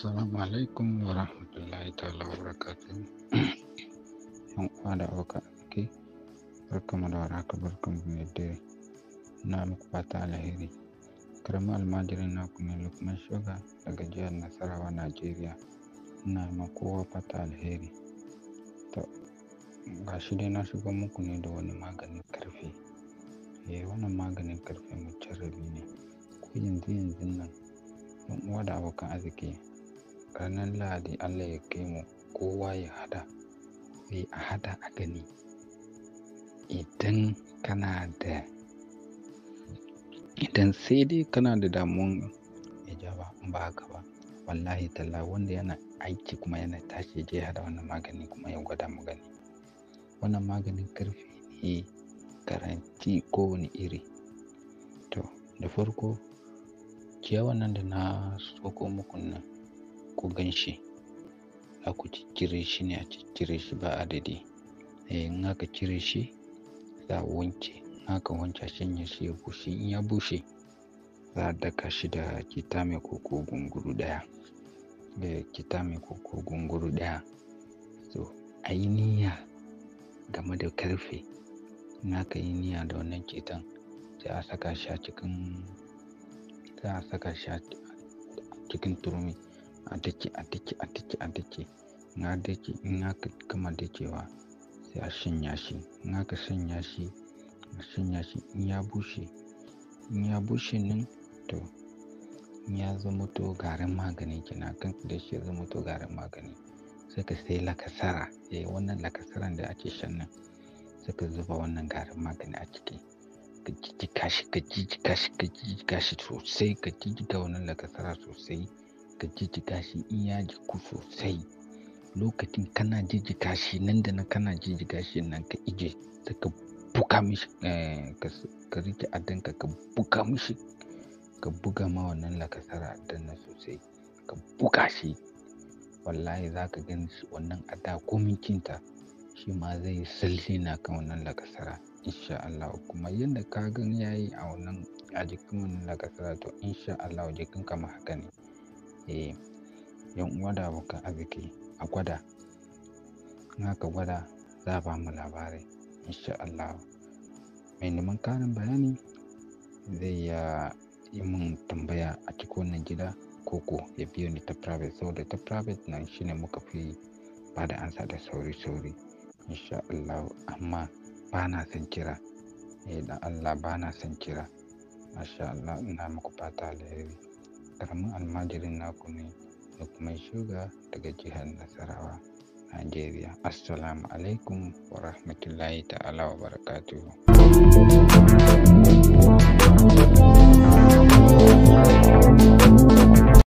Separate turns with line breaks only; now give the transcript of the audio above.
Assalamu alaikum wa rahmatullahi ta'ala wa barakatuhu. Mun uwa da auka ke barkamu da warhaka barkamu da dare. Na muku fata alheri. karamar almajirin na kuma Lukman Shuga daga jihar Nasarawa, Najeriya. Na ma kowa fata alheri. To, ga shi dai na shiga muku ne da wani maganin karfe. Eh, wannan maganin karfe mutum rabi ne. Ko yanzu yanzun nan, yan uwa da abokan arziki ranar lahadi allah ya kai mu kowa ya hada sai a hada a gani idan kana da idan sai dai kana da damuwan ijaba in ba haka ba wallahi talla wanda yana aiki kuma yana tashi je hada wannan magani kuma ya gwada mu gani wannan maganin karfi ne karanci kowane iri to da farko ciyawan nan da na soko muku nan ku gan shi za ku ciccire shi ne a ciccire shi ba adadi eh, in aka cire shi za a wanke in aka wanke shi ya bushe in ya bushe za a daka shi da kita mai koko gunguru daya da kita mai koko gunguru daya so a game da karfe in aka yi niyya da wannan kitan sai a saka shi a cikin za a saka shi a cikin turmi a dake a dake a dake a dake in a dake in aka gama dakewa sai a shanya shi in aka shanya shi a shanya shi in ya bushe in ya bushe nan to in ya zama to garin magani kenan kan da shi ya zama to garin magani sai ka sai lakasara eh wannan lakasaran da ake shan nan sai ka zuba wannan garin magani a ciki ka jijjiga shi ka jijjiga shi ka jijjiga shi sosai ka jijjiga wannan lakasara sosai ka jijjiga shi in ya jiku sosai lokacin kana jijjiga shi nan da nan kana jijjiga shi nan ka ije ta ka buga mishi eh, ka rike adanka ka buga mishi ka buga ma wannan lakasara addan na sosai ka buga shi wallahi za ka gani wannan ada komin kinta shi ma zai salli na kan wannan lakasara insha Allah kuma yadda ka gani yayi a wannan a jikin wannan lakasara to insha Allah jikin kama haka ne eh yan uwa da abokan arziki a gwada in aka gwada za a ba mu labari insha Allah mai neman karin bayani zai ya yi min tambaya a cikin wannan gida koko ya biyo ni ta private saboda ta private nan shine muka fi ba da ansa da sauri-sauri insha Allah amma ba na san kira eh da Allah ba na san kira masha Allah ina muku fata alheri karamin almajirin naku ne Lukman Shuga daga jihar Nasarawa, Najeriya. Assalamu alaikum wa rahmatullahi ta'ala wa barakatuhu.